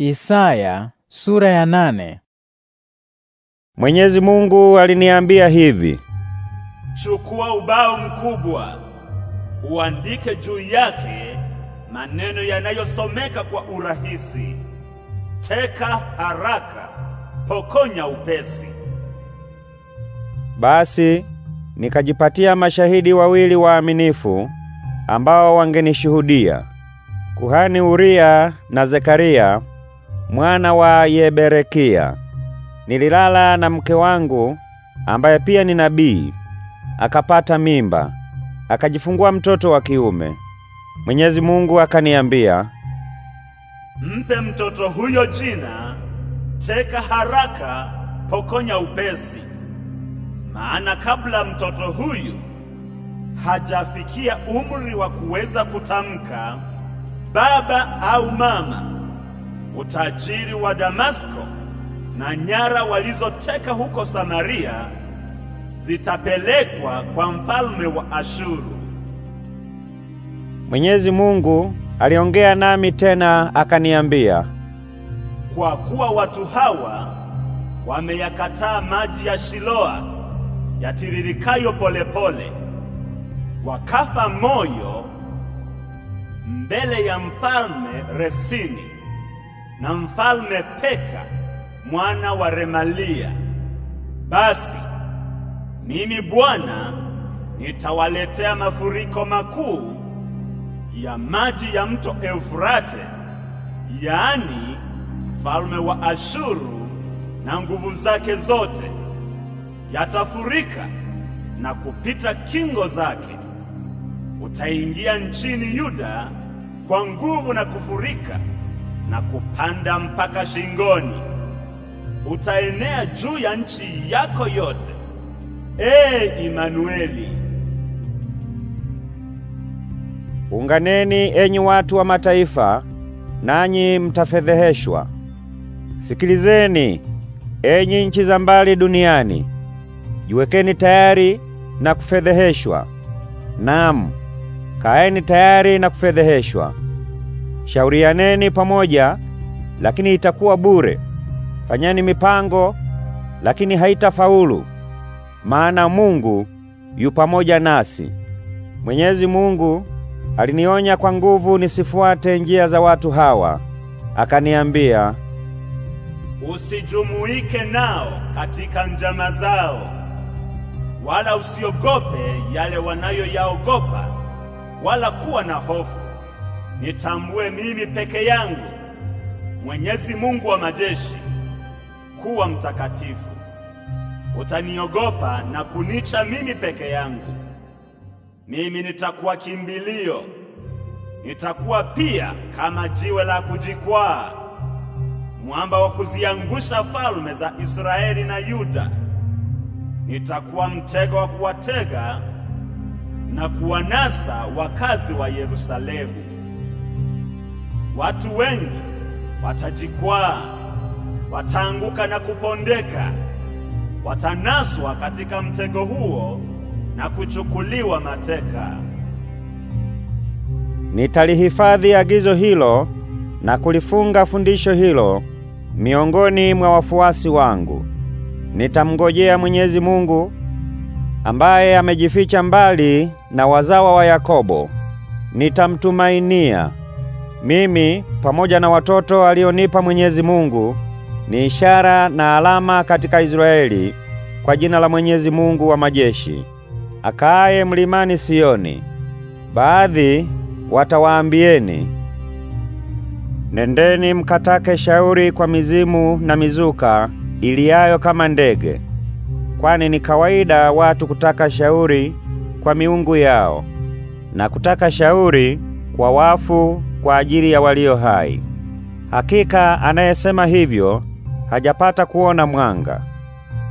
Isaya sura ya nane. Mwenyezi Mungu aliniambia hivi: chukua ubao mkubwa, uandike juu yake maneno yanayosomeka kwa urahisi, teka haraka, pokonya upesi. Basi nikajipatia mashahidi wawili waaminifu ambao wangenishuhudia, kuhani Uria na Zekaria mwana wa Yeberekia. Nililala na mke wangu ambaye pia ni nabii, akapata mimba, akajifungua mtoto wa kiume. Mwenyezi Mungu akaniambia, mpe mtoto huyo jina Teka Haraka, Pokonya Upesi, maana kabla mtoto huyu hajafikia umri wa kuweza kutamka baba au mama utajiri wa Damasko na nyara walizoteka huko Samaria zitapelekwa kwa mfalme wa Ashuru. Mwenyezi Mungu aliongea nami tena akaniambia, kwa kuwa watu hawa wameyakataa maji ya Shiloa yatiririkayo polepole, wakafa moyo mbele ya mfalme Resini na mfalme Peka mwana wa Remalia. Basi mimi Bwana nitawaletea mafuriko makuu ya maji ya mto Eufrate, yaani mfalme wa Ashuru na nguvu zake zote yatafurika na kupita kingo zake. Utaingia nchini Yuda kwa nguvu na kufurika na kupanda mpaka shingoni, utaenea juu ya nchi yako yote. Ee Imanueli. Unganeni enyi watu wa mataifa, nanyi mtafedheheshwa. Sikilizeni enyi nchi za mbali duniani, jiwekeni tayari na kufedheheshwa. Naam, kaeni tayari na kufedheheshwa. Shaurianeni pamoja, lakini itakuwa bure. Fanyani mipango, lakini haitafaulu, maana Mungu yu pamoja nasi. Mwenyezi Mungu alinionya kwa nguvu nisifuate njia za watu hawa, akaniambia, usijumuike nao katika njama zao, wala usiogope yale wanayoyaogopa, wala kuwa na hofu nitambue mimi peke yangu Mwenyezi Mungu wa majeshi kuwa mtakatifu. Utaniogopa na kunicha mimi peke yangu. Mimi nitakuwa kimbilio, nitakuwa pia kama jiwe la kujikwaa, mwamba wa kuziangusha falme za Israeli na Yuda. Nitakuwa mtego wa kuwatega na kuwanasa wakazi wa Yerusalemu. Watu wengi watajikwaa, wataanguka na kupondeka, watanaswa katika mtego huo na kuchukuliwa mateka. Nitalihifadhi agizo hilo na kulifunga fundisho hilo miongoni mwa wafuasi wangu. Nitamngojea Mwenyezi Mungu ambaye amejificha mbali na wazawa wa Yakobo. Nitamtumainia. Mimi pamoja na watoto alionipa Mwenyezi Mungu ni ishara na alama katika Israeli kwa jina la Mwenyezi Mungu wa majeshi akaaye mlimani Sioni. Baadhi watawaambieni, nendeni mkatake shauri kwa mizimu na mizuka iliayo kama ndege, kwani ni kawaida watu kutaka shauri kwa miungu yao na kutaka shauri kwa wafu kwa ajili ya walio hai. Hakika anayesema hivyo hajapata kuona mwanga.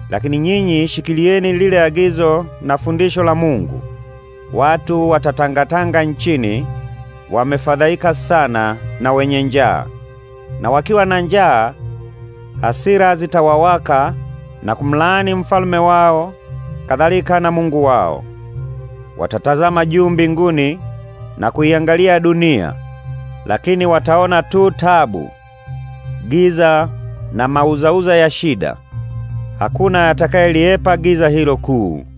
Lakini nyinyi shikilieni lile agizo na fundisho la Mungu. Watu watatangatanga nchini, wamefadhaika sana na wenye njaa. Na wakiwa na njaa, hasira zitawawaka na kumlaani mfalme wao, kadhalika na Mungu wao. Watatazama juu mbinguni na kuiangalia dunia lakini wataona tu tabu, giza na mauzauza ya shida. Hakuna atakayeliepa giza hilo kuu.